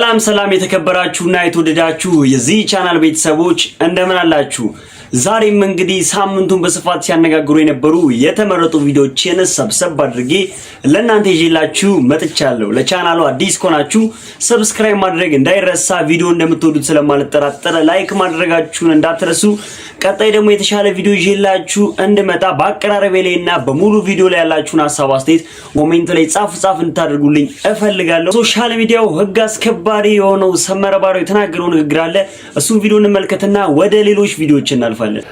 ሰላም ሰላም የተከበራችሁና የተወደዳችሁ የዚህ ቻናል ቤተሰቦች እንደምን አላችሁ? ዛሬም እንግዲህ ሳምንቱን በስፋት ሲያነጋግሩ የነበሩ የተመረጡ ቪዲዮችን ሰብሰብ አድርጌ ለእናንተ ይዤላችሁ መጥቻለሁ። ለቻናሉ አዲስ ከሆናችሁ ሰብስክራይብ ማድረግ እንዳይረሳ፣ ቪዲዮ እንደምትወዱት ስለማልጠራጠረ ላይክ ማድረጋችሁን እንዳትረሱ። ቀጣይ ደግሞ የተሻለ ቪዲዮ ይዤላችሁ እንድመጣ በአቀራረቤ ላይ እና በሙሉ ቪዲዮ ላይ ያላችሁን ሀሳብ አስተያየት ኮሜንት ላይ ጻፍ ጻፍ እንድታደርጉልኝ እፈልጋለሁ። ሶሻል ሚዲያው ህግ አስከባሪ የሆነው ሰመረ ባሪያው የተናገረው ንግግር አለ። እሱን ቪዲዮ እንመልከትና ወደ ሌሎች ቪዲዮዎች እናልፋለን።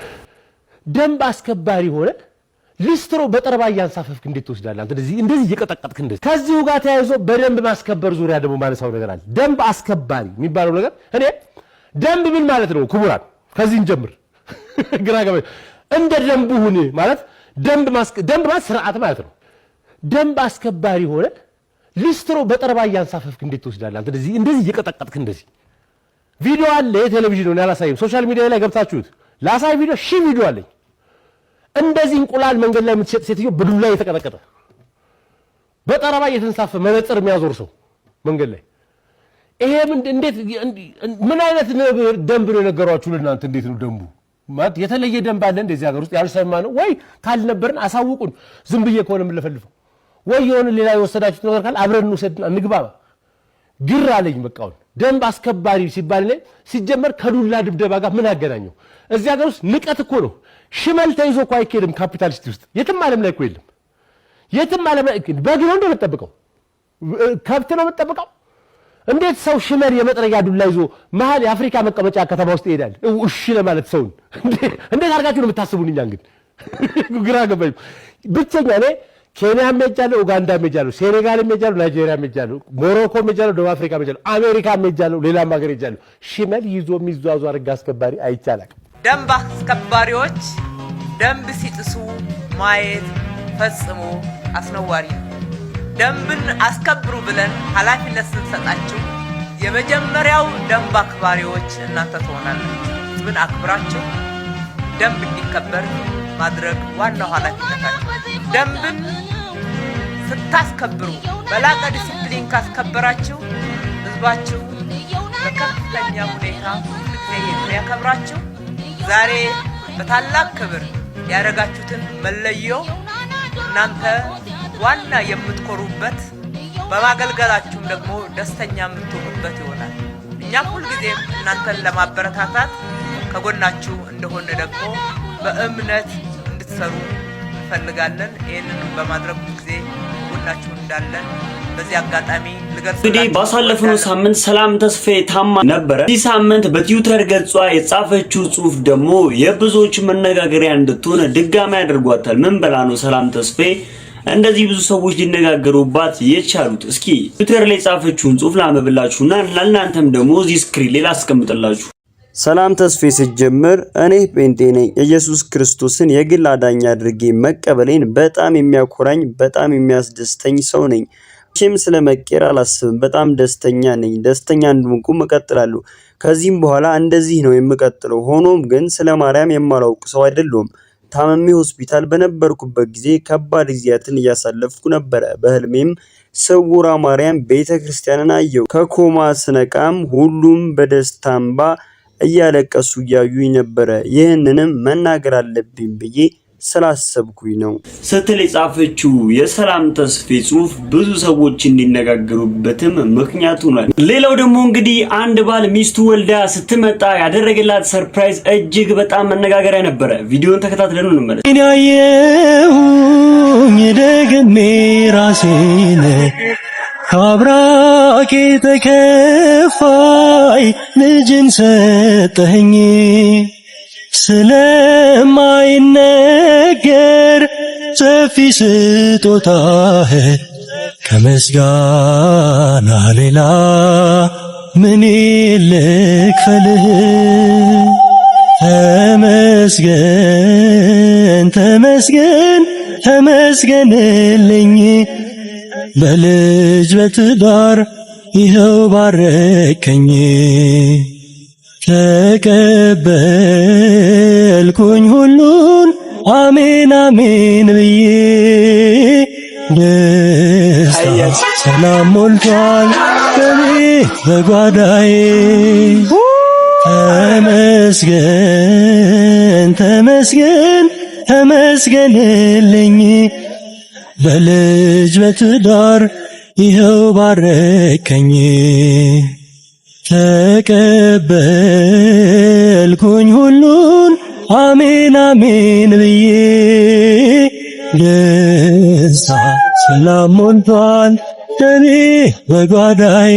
ደንብ አስከባሪ ሆነ ሊስትሮ በጠረባ እያንሳፈፍክ እንዴት ትወስዳለህ? አንተ እንደዚህ እንደዚህ እየቀጠቀጥክ እንደዚህ። ከዚሁ ጋር ተያይዞ በደንብ ማስከበር ዙሪያ ደግሞ ማነሳው ነገር አለ። ደንብ አስከባሪ የሚባለው ነገር እኔ ደንብ ምን ማለት ነው? ክቡራን ከዚህ እንጀምር። ግራ ገባ። እንደ ደንቡ ሁን ማለት ደንብ ማለት ስርዓት ማለት ነው። ደንብ አስከባሪ ሆነ ሊስትሮ በጠረባ እያንሳፈፍክ እንዴት ትወስዳለህ? አንተ እንደዚህ እንደዚህ እየቀጠቀጥክ እንደዚህ ቪዲዮ አለ። የቴሌቪዥን ነው ያላሳይም። ሶሻል ሚዲያ ላይ ገብታችሁት ላሳይ ቪዲዮ ሺህ ቪዲዮ አለኝ። እንደዚህ እንቁላል መንገድ ላይ የምትሸጥ ሴትዮ በዱላ እየተቀጠቀጠ በጠረባ እየተንሳፈ መነጽር የሚያዞር ሰው መንገድ ላይ ይሄ ምን አይነት ደንብ ነው የነገሯችሁ? ለእናንተ እንዴት ነው ደንቡ? ማለት የተለየ ደንብ አለ እንደዚህ ሀገር ውስጥ ያልሰማ ነው ወይ ካልነበርን አሳውቁን። ዝም ብዬ ከሆነ የምለፈልፈው ወይ የሆነ ሌላ የወሰዳችሁት ነገር ካለ አብረን እንውሰድ እንግባባ። ግር አለኝ። በቃውን ደንብ አስከባሪ ሲባል ላይ ሲጀመር ከዱላ ድብደባ ጋር ምን አገናኘው? እዚህ ሀገር ውስጥ ንቀት እኮ ነው። ሽመል ተይዞ እኮ አይካሄድም። ካፒታሊስቲ ውስጥ የትም ዓለም ላይ እኮ የለም። የትም ዓለም ላይ በግ ነው እንደምጠብቀው ከብት ነው የምጠብቀው እንዴት ሰው ሽመል የመጥረጊያ ዱላ ይዞ መሀል የአፍሪካ መቀመጫ ከተማ ውስጥ ይሄዳል? እሺ ለማለት ሰውን እንዴት አድርጋችሁ ነው የምታስቡን? እኛ ግን ግራ ገባኝ። ብቸኛ እኔ ኬንያ ሜጃለሁ፣ ኡጋንዳ ሄጃለሁ፣ ሴኔጋል ሄጃለሁ፣ ናይጄሪያ ሄጃለሁ፣ ሞሮኮ ሄጃለሁ፣ ደቡብ አፍሪካ ሄጃለሁ፣ አሜሪካ ሄጃለሁ፣ ሌላም ሀገር ሄጃለሁ። ሽመል ይዞ የሚዟዟር ሕግ አስከባሪ አይቻላል። ደንብ አስከባሪዎች ደንብ ሲጥሱ ማየት ፈጽሞ አስነዋሪ ነው። ደንብን አስከብሩ ብለን ኃላፊነት ስንሰጣችሁ የመጀመሪያው ደንብ አክባሪዎች እናንተ ትሆናለች ህዝብን አክብራችሁ ደንብ እንዲከበር ማድረግ ዋናው ኃላፊነታችሁ። ደንብን ስታስከብሩ በላቀ ዲስፕሊን ካስከበራችሁ ህዝባችሁ በከፍተኛ ሁኔታ የሚያከብራችሁ ዛሬ በታላቅ ክብር ያደረጋችሁትን መለዮ እናንተ ዋና የምትኮሩበት በማገልገላችሁም ደግሞ ደስተኛ የምትሆኑበት ይሆናል። እኛም ሁልጊዜም እናንተን ለማበረታታት ከጎናችሁ እንደሆነ ደግሞ በእምነት እንድትሰሩ እንፈልጋለን። ይህንን በማድረጉ ጊዜ ጎናችሁ እንዳለን በዚህ አጋጣሚ እንግዲህ ባሳለፍነው ሳምንት ሰላም ተስፋዬ ታማ ነበረ። እዚህ ሳምንት በትዊተር ገጿ የጻፈችው ጽሁፍ ደግሞ የብዙዎች መነጋገሪያ እንድትሆነ ድጋሚ አድርጓታል። ምን ብላ ነው ሰላም ተስፋዬ እንደዚህ ብዙ ሰዎች ሊነጋገሩባት የቻሉት። እስኪ ትዊተር ላይ የጻፈችውን ጽሁፍ ላመብላችሁና ለእናንተም ደግሞ እዚህ ስክሪን ላይ ላስቀምጥላችሁ። ሰላም ተስፌ ስጀምር እኔ ጴንጤ ነኝ። ኢየሱስ ክርስቶስን የግል አዳኝ አድርጌ መቀበሌን በጣም የሚያኮራኝ በጣም የሚያስደስተኝ ሰው ነኝ። ም ስለ መቄር አላስብም። በጣም ደስተኛ ነኝ። ደስተኛ እንድምቁም እቀጥላለሁ። ከዚህም በኋላ እንደዚህ ነው የምቀጥለው። ሆኖም ግን ስለ ማርያም የማላውቅ ሰው አይደለሁም። ታመሜ ሆስፒታል በነበርኩበት ጊዜ ከባድ ጊዜያትን እያሳለፍኩ ነበረ። በህልሜም ስውሯ ማርያም ቤተ ክርስቲያንን አየሁ። ከኮማ ስነቃም ሁሉም በደስታ እያለቀሱ እያዩኝ ነበረ። ይህንንም መናገር አለብኝ ብዬ ስላሰብኩኝ ነው ስትል የጻፈችው የሰላም ተስፌ ጽሁፍ ብዙ ሰዎች እንዲነጋገሩበትም ምክንያት ሆኗል። ሌላው ደግሞ እንግዲህ አንድ ባል ሚስቱ ወልዳ ስትመጣ ያደረገላት ሰርፕራይዝ እጅግ በጣም መነጋገሪያ ነበረ። ቪዲዮን ተከታትለን እንመለስ። ያየሁኝ ደግሜ ራሴን ተከፋይ ልጅን ሰጠኝ ስለማይነገር ሰፊ ስጦታህ ከምስጋና ሌላ ምን ልክፈልህ? ተመስገን ተመስገን ተመስገንልኝ በልጅ በትዳር ይኸው ባረከኝ። ተቀበልኩኝ ሁሉን አሜን አሜን ብዬ ደስታ ሰላም ሞልቷል በቤት በጓዳዬ ተመስገን ተመስገን ተመስገንልኝ በልጅ በትዳር ይኸው ባረከኝ። ተቀበልኩኝ ሁሉን አሜን አሜን ብዬ ደስታ ሰላም ሞልቷል ደሜ በጓዳዬ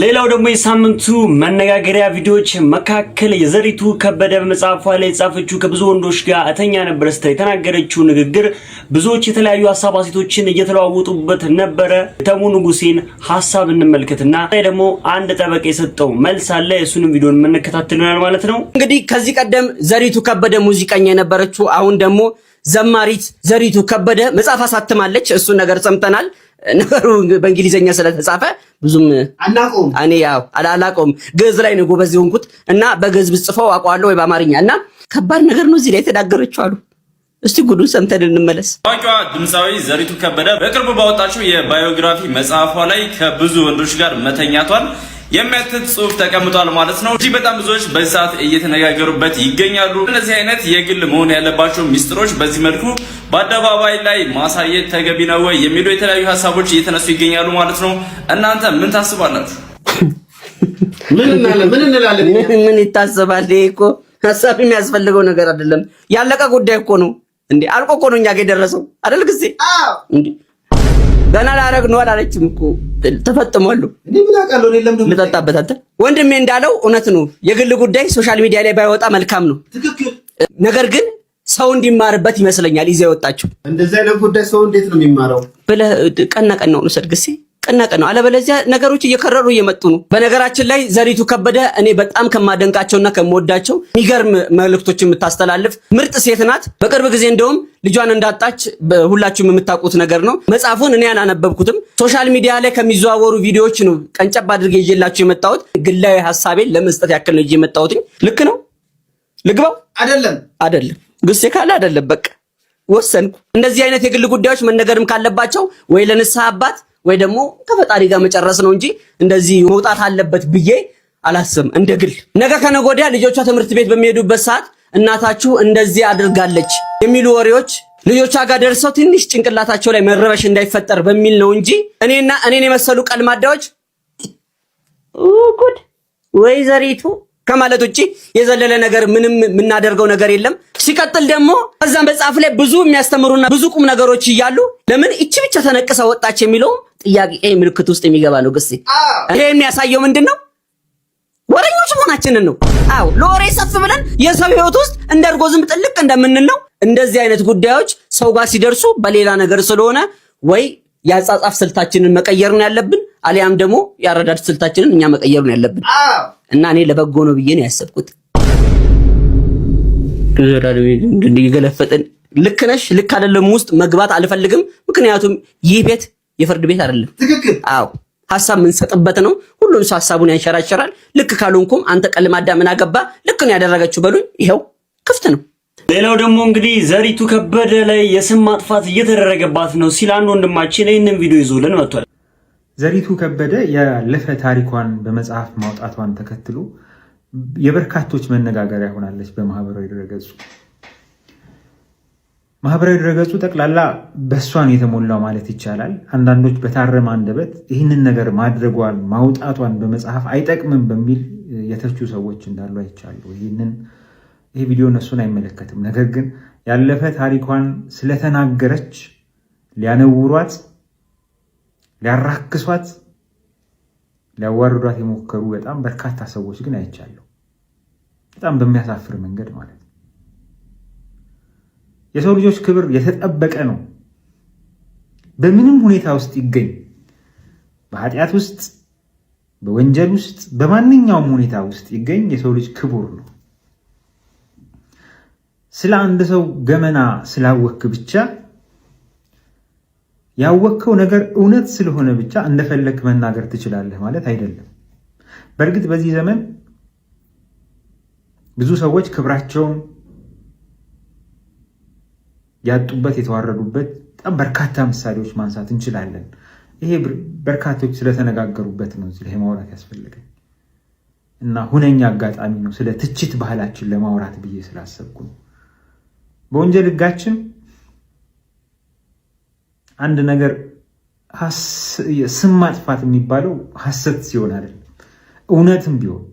ሌላው ደግሞ የሳምንቱ መነጋገሪያ ቪዲዮዎች መካከል የዘሪቱ ከበደ በመጽሐፏ ላይ የጻፈችው ከብዙ ወንዶች ጋር እተኛ ነበር ስትል የተናገረችው ንግግር ብዙዎች የተለያዩ ሀሳብ አሴቶችን እየተለዋወጡበት ነበረ። ተሙ ንጉሴን ሀሳብ እንመልከትና ላይ ደግሞ አንድ ጠበቃ የሰጠው መልስ አለ። የእሱንም ቪዲዮን የምንከታተል ይሆናል ማለት ነው። እንግዲህ ከዚህ ቀደም ዘሪቱ ከበደ ሙዚቀኛ የነበረችው አሁን ደግሞ ዘማሪት ዘሪቱ ከበደ መጽሐፍ አሳትማለች። እሱን ነገር ሰምተናል። ነገሩ በእንግሊዘኛ ስለተጻፈ ብዙም አናቆም እኔ ያው አላቆም ግዕዝ ላይ ነው ጎበዝ የሆንኩት እና በግዕዝ ብጽፈው አውቀዋለሁ ወይ በአማርኛ እና ከባድ ነገር ነው እዚህ ላይ የተዳገረችው አሉ። እስቲ ጉዱን ሰምተን እንመለስ። ታዋቂዋ ድምፃዊ ዘሪቱ ከበደ በቅርቡ ባወጣችው የባዮግራፊ መጽሐፏ ላይ ከብዙ ወንዶች ጋር መተኛቷን የሚያትት ጽሁፍ ተቀምጧል ማለት ነው። እጅግ በጣም ብዙዎች በዚህ ሰዓት እየተነጋገሩበት ይገኛሉ። እነዚህ አይነት የግል መሆን ያለባቸው ሚስጥሮች በዚህ መልኩ በአደባባይ ላይ ማሳየት ተገቢ ነው ወይ የሚሉ የተለያዩ ሀሳቦች እየተነሱ ይገኛሉ ማለት ነው። እናንተ ምን ታስባላችሁ? ምን ይታሰባል? ይሄ እኮ ሀሳብ የሚያስፈልገው ነገር አይደለም። ያለቀ ጉዳይ እኮ ነው እንዴ! አልቆ እኮ ነው እኛ ጋር የደረሰው ጊዜ ገና ላረግ ነው አላለችም እኮ ተፈጥሟል። ልጠጣበት አንተ ወንድሜ እንዳለው እውነት ነው። የግል ጉዳይ ሶሻል ሚዲያ ላይ ባይወጣ መልካም ነው። ትክክል። ነገር ግን ሰው እንዲማርበት ይመስለኛል ይዘው የወጣችው እንደዚህ አይነት ጉዳይ ሰው እንዴት ነው የሚማረው ብለህ ቀና ቀናውን ውሰድ ግሴ እያስጨነቀ ነው። አለበለዚያ ነገሮች እየከረሩ እየመጡ ነው። በነገራችን ላይ ዘሪቱ ከበደ እኔ በጣም ከማደንቃቸውና ከምወዳቸው የሚገርም መልእክቶች የምታስተላልፍ ምርጥ ሴት ናት። በቅርብ ጊዜ እንደውም ልጇን እንዳጣች ሁላችሁም የምታውቁት ነገር ነው። መጽሐፉን እኔ አላነበብኩትም። ሶሻል ሚዲያ ላይ ከሚዘዋወሩ ቪዲዮዎች ነው ቀንጨብ አድርጌ ይዤላችሁ የመጣሁት። ግላዊ ሀሳቤን ለመስጠት ያክል ነው ይዤ ልክ ነው። ልግባው አይደለም፣ አይደለም ግሴ ካለ አይደለም በቃ ወሰንኩ። እንደዚህ አይነት የግል ጉዳዮች መነገርም ካለባቸው ወይ ለንስሐ አባት ወይ ደግሞ ከፈጣሪ ጋር መጨረስ ነው እንጂ እንደዚህ መውጣት አለበት ብዬ አላስብም። እንደ ግል ነገ ከነገ ወዲያ ልጆቿ ትምህርት ቤት በሚሄዱበት ሰዓት እናታችሁ እንደዚህ አድርጋለች የሚሉ ወሬዎች ልጆቿ ጋር ደርሰው ትንሽ ጭንቅላታቸው ላይ መረበሽ እንዳይፈጠር በሚል ነው እንጂ እኔና እኔን የመሰሉ ቀልማዳዎች ጉድ ወይዘሪቱ ከማለት ውጭ የዘለለ ነገር ምንም የምናደርገው ነገር የለም። ሲቀጥል ደግሞ ከዛም መጽሐፍ ላይ ብዙ የሚያስተምሩና ብዙ ቁም ነገሮች እያሉ ለምን እቺ ብቻ ተነቅሰ ወጣች የሚለውም ጥያቄ ምልክት ውስጥ የሚገባ ነው ግስ። ይሄ የሚያሳየው ምንድን ነው? ወረኞች መሆናችንን ነው። አዎ ለወሬ ሰፍ ብለን የሰው ህይወት ውስጥ እንደ እርጎ ዝም ጥልቅ እንደምንል ነው። እንደዚህ አይነት ጉዳዮች ሰው ጋር ሲደርሱ በሌላ ነገር ስለሆነ ወይ የአጻጻፍ ስልታችንን መቀየር ነው ያለብን፣ አሊያም ደግሞ የአረዳድ ስልታችንን እኛ መቀየር ነው ያለብን እና እኔ ለበጎ ነው ብዬ ነው ያሰብኩት። የገለፈጥን ልክ ነሽ ልክ አይደለም ውስጥ መግባት አልፈልግም። ምክንያቱም ይህ ቤት የፍርድ ቤት አይደለም። ትክክል። አዎ ሀሳብ የምንሰጥበት ነው። ሁሉም ሰው ሀሳቡን ያንሸራሸራል። ልክ ካልሆንኩም አንተ ቀልማዳ ምን አገባ ልክ ነው ያደረገችው በሉኝ። ይኸው ክፍት ነው። ሌላው ደግሞ እንግዲህ ዘሪቱ ከበደ ላይ የስም ማጥፋት እየተደረገባት ነው ሲል አንድ ወንድማችን ይህንን ቪዲዮ ይዞልን መጥቷል። ዘሪቱ ከበደ ያለፈ ታሪኳን በመጽሐፍ ማውጣቷን ተከትሎ የበርካቶች መነጋገሪያ ሆናለች በማህበራዊ ድረገጹ ማህበራዊ ድረገጹ ጠቅላላ በእሷን የተሞላው ማለት ይቻላል። አንዳንዶች በታረመ አንደበት ይህንን ነገር ማድረጓን ማውጣቷን በመጽሐፍ አይጠቅምም በሚል የተቹ ሰዎች እንዳሉ አይቻሉ። ይህንን ይህ ቪዲዮ እነሱን አይመለከትም። ነገር ግን ያለፈ ታሪኳን ስለተናገረች ሊያነውሯት፣ ሊያራክሷት፣ ሊያዋርዷት የሞከሩ በጣም በርካታ ሰዎች ግን አይቻለሁ። በጣም በሚያሳፍር መንገድ ማለት ነው። የሰው ልጆች ክብር የተጠበቀ ነው። በምንም ሁኔታ ውስጥ ይገኝ፣ በኃጢአት ውስጥ፣ በወንጀል ውስጥ፣ በማንኛውም ሁኔታ ውስጥ ይገኝ፣ የሰው ልጅ ክቡር ነው። ስለ አንድ ሰው ገመና ስላወክ ብቻ ያወከው ነገር እውነት ስለሆነ ብቻ እንደፈለክ መናገር ትችላለህ ማለት አይደለም። በእርግጥ በዚህ ዘመን ብዙ ሰዎች ክብራቸውን ያጡበት የተዋረዱበት በጣም በርካታ ምሳሌዎች ማንሳት እንችላለን። ይሄ በርካቶች ስለተነጋገሩበት ነው እዚህ ላይ ማውራት ያስፈልገን እና ሁነኛ አጋጣሚ ነው ስለ ትችት ባህላችን ለማውራት ብዬ ስላሰብኩ ነው። በወንጀል ሕጋችን አንድ ነገር ስም ማጥፋት የሚባለው ሐሰት ሲሆን አይደለም፣ እውነትም ቢሆን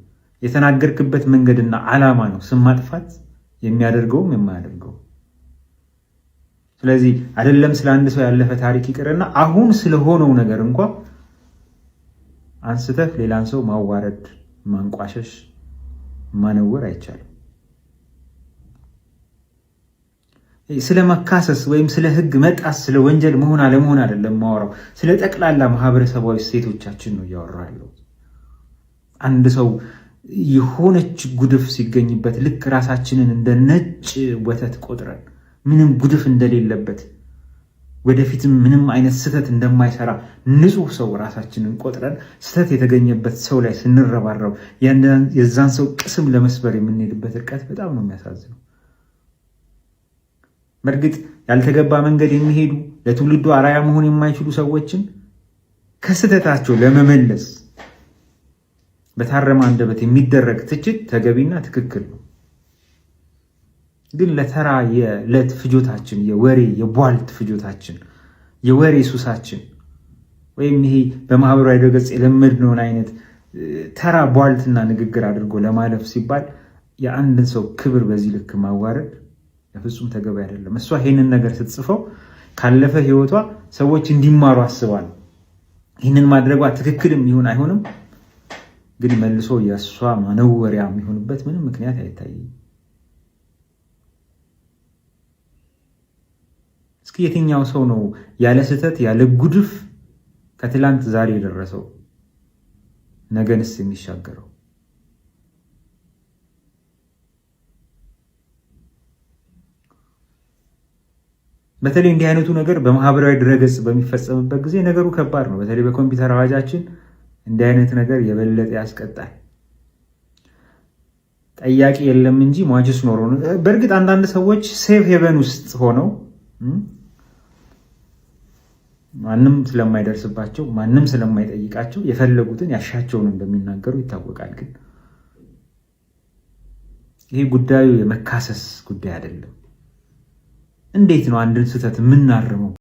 የተናገርክበት መንገድና ዓላማ ነው ስም ማጥፋት የሚያደርገውም የማያደርገው ስለዚህ አይደለም ስለ አንድ ሰው ያለፈ ታሪክ ይቅርና አሁን ስለሆነው ነገር እንኳ አንስተህ ሌላን ሰው ማዋረድ፣ ማንቋሸሽ፣ ማነወር አይቻልም። ስለ መካሰስ ወይም ስለ ህግ መጣስ ስለ ወንጀል መሆን አለመሆን አይደለም ማወራው፣ ስለ ጠቅላላ ማህበረሰባዊ እሴቶቻችን ነው እያወራ ያለው። አንድ ሰው የሆነች ጉድፍ ሲገኝበት ልክ ራሳችንን እንደ ነጭ ወተት ቆጥረን ምንም ጉድፍ እንደሌለበት ወደፊትም ምንም አይነት ስህተት እንደማይሰራ ንጹህ ሰው ራሳችንን ቆጥረን ስህተት የተገኘበት ሰው ላይ ስንረባረብ የዛን ሰው ቅስም ለመስበር የምንሄድበት እርቀት በጣም ነው የሚያሳዝነው። በእርግጥ ያልተገባ መንገድ የሚሄዱ ለትውልዱ አራያ መሆን የማይችሉ ሰዎችን ከስህተታቸው ለመመለስ በታረመ አንደበት የሚደረግ ትችት ተገቢና ትክክል ነው። ግን ለተራ የዕለት ፍጆታችን የወሬ የቧልት ፍጆታችን የወሬ ሱሳችን ወይም ይሄ በማህበራዊ ድረገጽ የለመድነውን አይነት ተራ ቧልትና ንግግር አድርጎ ለማለፍ ሲባል የአንድን ሰው ክብር በዚህ ልክ ማዋረድ ለፍጹም ተገቢ አይደለም። እሷ ይህንን ነገር ስትጽፈው ካለፈ ህይወቷ ሰዎች እንዲማሩ አስባል ይህንን ማድረጓ ትክክልም ይሁን አይሆንም ግን መልሶ የእሷ ማነወሪያ የሚሆንበት ምንም ምክንያት አይታይም። እስኪ የትኛው ሰው ነው ያለ ስህተት ያለ ጉድፍ ከትላንት ዛሬ የደረሰው ነገንስ የሚሻገረው? በተለይ እንዲህ አይነቱ ነገር በማህበራዊ ድረገጽ በሚፈጸምበት ጊዜ ነገሩ ከባድ ነው። በተለይ በኮምፒውተር አዋጃችን እንዲህ አይነት ነገር የበለጠ ያስቀጣል። ጠያቂ የለም እንጂ ሟችስ ኖሮ ነው። በእርግጥ አንዳንድ ሰዎች ሴፍ ሄቨን ውስጥ ሆነው ማንም ስለማይደርስባቸው ማንም ስለማይጠይቃቸው የፈለጉትን ያሻቸውን እንደሚናገሩ ይታወቃል። ግን ይህ ጉዳዩ የመካሰስ ጉዳይ አይደለም። እንዴት ነው አንድን ስህተት የምናርመው?